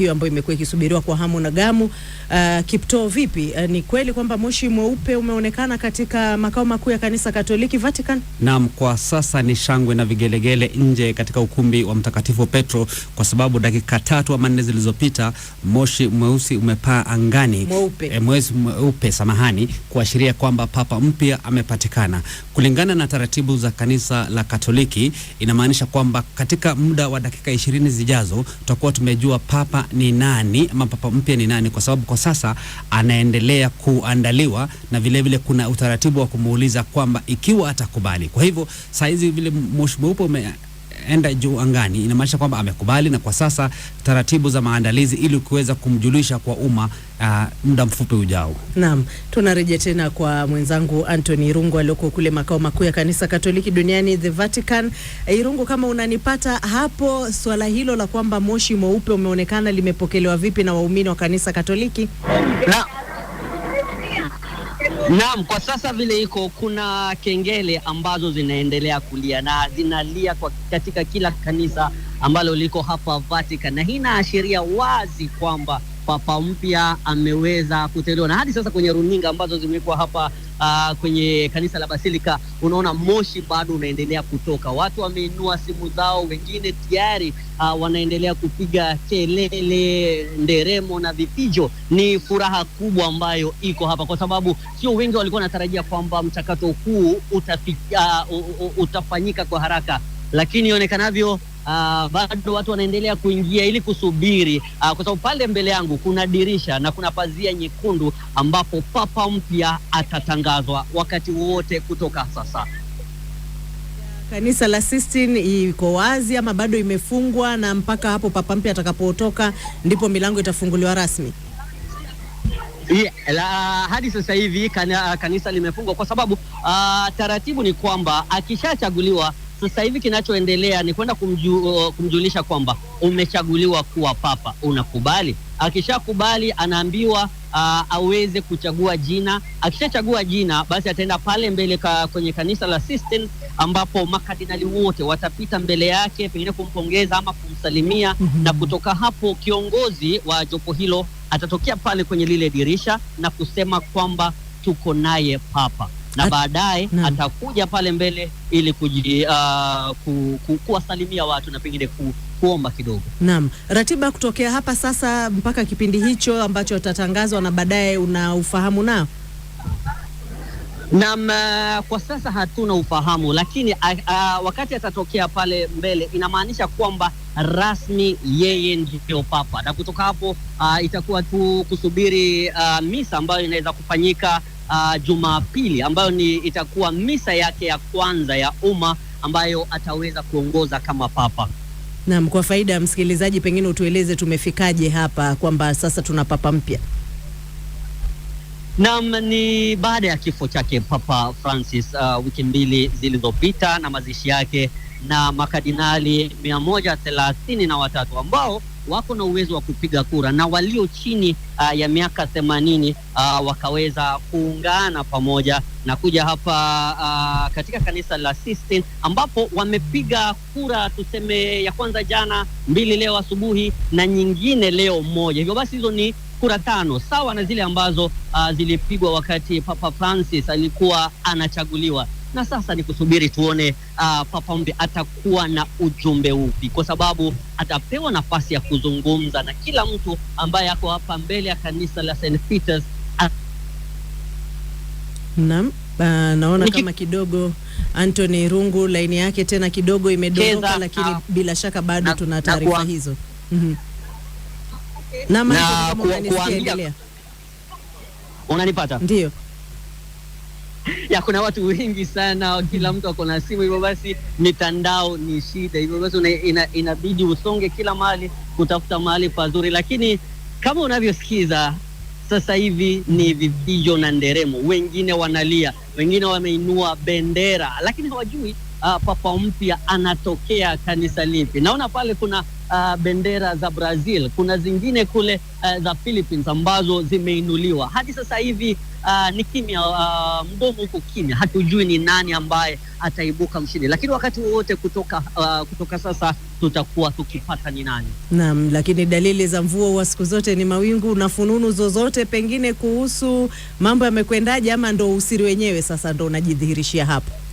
hiyo ambayo imekuwa ikisubiriwa kwa hamu na gamu. Uh, Kipto, vipi? Uh, ni kweli kwamba moshi mweupe umeonekana katika makao makuu ya kanisa Katoliki Vatican? Naam, kwa sasa ni shangwe na vigelegele nje katika ukumbi wa Mtakatifu Petro kwa sababu dakika tatu ama nne zilizopita moshi mweusi umepaa angani mweupe, e, mweupe samahani, kuashiria kwamba papa mpya amepatikana. Kulingana na taratibu za kanisa la Katoliki, inamaanisha kwamba katika muda wa dakika ishirini zijazo tutakuwa tumejua papa ni nani ama papa mpya ni nani, kwa sababu kwa sasa anaendelea kuandaliwa na vilevile vile kuna utaratibu wa kumuuliza kwamba ikiwa atakubali. Kwa hivyo saa hizi vile moshi mweupe enda juu angani, inamaanisha kwamba amekubali, na kwa sasa taratibu za maandalizi ili kuweza kumjulisha kwa umma uh, muda mfupi ujao. Naam, tunarejea tena kwa mwenzangu Anthony Irungu aliyoko kule makao makuu ya kanisa Katoliki duniani the Vatican. Eh, Irungu, kama unanipata hapo, swala hilo la kwamba moshi mweupe umeonekana limepokelewa vipi na waumini wa kanisa Katoliki? Na Naam, kwa sasa vile iko kuna kengele ambazo zinaendelea kulia na zinalia kwa katika kila kanisa ambalo liko hapa Vatican, na hii inaashiria wazi kwamba papa mpya ameweza kuteuliwa, na hadi sasa kwenye runinga ambazo zimewekwa hapa uh, kwenye kanisa la Basilika, unaona moshi bado unaendelea kutoka. Watu wameinua simu zao, wengine tayari uh, wanaendelea kupiga kelele, nderemo na vipijo. Ni furaha kubwa ambayo iko hapa, kwa sababu sio wengi walikuwa wanatarajia kwamba mchakato huu utafika, ah, uh, utafanyika kwa haraka, lakini ionekanavyo uh, bado watu wanaendelea kuingia ili kusubiri uh, kwa sababu pale mbele yangu kuna dirisha na kuna pazia nyekundu ambapo papa mpya atatangazwa wakati wote kutoka sasa. Kanisa la Sistine iko wazi ama bado imefungwa, na mpaka hapo papa mpya atakapotoka ndipo milango itafunguliwa rasmi? Yeah, la, hadi sasa hivi kanisa limefungwa kwa sababu uh, taratibu ni kwamba akishachaguliwa sasa hivi kinachoendelea ni kwenda kumju, uh, kumjulisha kwamba umechaguliwa kuwa papa, unakubali? Akishakubali anaambiwa Uh, aweze kuchagua jina. Akishachagua jina, basi ataenda pale mbele ka, kwenye kanisa la Sistine ambapo makadinali wote watapita mbele yake pengine kumpongeza ama kumsalimia mm -hmm. Na kutoka hapo kiongozi wa jopo hilo atatokea pale kwenye lile dirisha na kusema kwamba tuko naye papa na baadaye atakuja pale mbele ili kuji, uh, ku, ku, kuwasalimia watu na pengine ku, kuomba kidogo. Naam, ratiba kutokea hapa sasa mpaka kipindi hicho ambacho atatangazwa na baadaye, una ufahamu nao? Naam, uh, kwa sasa hatuna ufahamu, lakini a, uh, a, uh, wakati atatokea pale mbele inamaanisha kwamba rasmi yeye ndio papa, na kutoka hapo a, itakuwa tu kusubiri a, misa ambayo inaweza kufanyika uh, Jumapili ambayo ni itakuwa misa yake ya kwanza ya umma ambayo ataweza kuongoza kama papa. Naam, kwa faida ya msikilizaji, pengine utueleze tumefikaje hapa kwamba sasa tuna papa mpya. Naam, ni baada ya kifo chake Papa Francis uh, wiki mbili zilizopita na mazishi yake na makadinali mia moja thelathini na watatu ambao wako na uwezo wa kupiga kura na walio chini uh, ya miaka themanini uh, wakaweza kuungana pamoja na kuja hapa uh, katika kanisa la Sistine ambapo wamepiga kura tuseme ya kwanza jana, mbili leo asubuhi na nyingine leo moja. Hivyo basi hizo ni kura tano sawa na zile ambazo uh, zilipigwa wakati Papa Francis alikuwa anachaguliwa na sasa ni kusubiri tuone uh, Papa Mbe atakuwa na ujumbe upi, kwa sababu atapewa nafasi ya kuzungumza na kila mtu ambaye ako hapa mbele ya kanisa la St Peters. Naam. Uh, naona kama kidogo Anthony Rungu laini yake tena kidogo imedoroka, lakini na, ah, bila shaka bado tuna taarifa hizo mm -hmm. na, na, kuwa, kuwa, unanipata? Ndio. ya kuna watu wengi sana, kila mtu ako na simu, hivyo basi mitandao ni shida, hivyo basi ina, inabidi usonge kila mahali kutafuta mahali pazuri, lakini kama unavyosikiza sasa hivi ni vifijo na nderemo, wengine wanalia, wengine wameinua bendera, lakini hawajui uh, papa mpya anatokea kanisa lipi. Naona pale kuna uh, bendera za Brazil, kuna zingine kule uh, za Philippines ambazo zimeinuliwa hadi sasa hivi uh, ni kimya uh, mdomo uko kimya, hatujui ni nani ambaye ataibuka mshindi, lakini wakati wowote kutoka, uh, kutoka sasa tutakuwa tukipata ni nani. Naam, lakini dalili za mvua wa siku zote ni mawingu na fununu zozote pengine kuhusu mambo yamekwendaje, ama ndo usiri wenyewe sasa ndo unajidhihirishia hapo?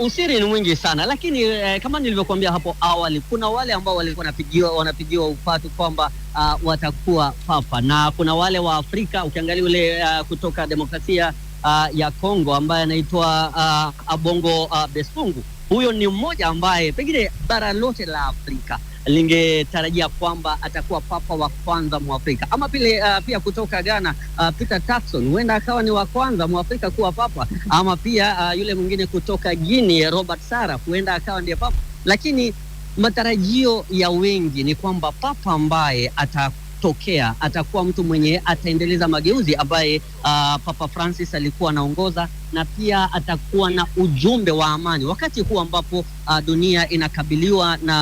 usiri ni mwingi sana lakini eh, kama nilivyokuambia hapo awali, kuna wale ambao walikuwa wanapigiwa wanapigiwa upatu kwamba uh, watakuwa papa na kuna wale wa Afrika ukiangalia ule uh, kutoka demokrasia uh, ya Kongo ambaye anaitwa uh, Abongo uh, Besungu huyo ni mmoja ambaye pengine bara lote la Afrika lingetarajia kwamba atakuwa papa wa kwanza Mwafrika ama pile, uh, pia kutoka Ghana uh, Peter Turkson huenda akawa ni wa kwanza Mwafrika kuwa papa ama pia uh, yule mwingine kutoka Guinea Robert sara huenda akawa ndiye papa, lakini matarajio ya wengi ni kwamba papa ambaye ata tokea atakuwa mtu mwenye ataendeleza mageuzi ambaye uh, Papa Francis alikuwa anaongoza, na pia atakuwa na ujumbe wa amani wakati huu ambapo uh, dunia inakabiliwa na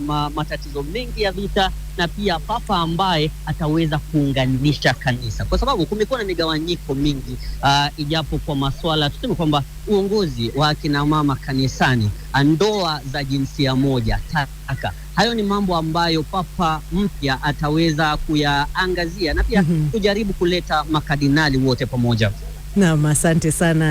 uh, ma, matatizo mengi ya vita, na pia papa ambaye ataweza kuunganisha kanisa, kwa sababu kumekuwa na migawanyiko mingi uh, ijapo kwa masuala tuseme kwamba uongozi wa akina mama kanisani, ndoa za jinsia moja, taka Hayo ni mambo ambayo papa mpya ataweza kuyaangazia na pia mm -hmm. kujaribu kuleta makadinali wote pamoja. Naam, asante sana.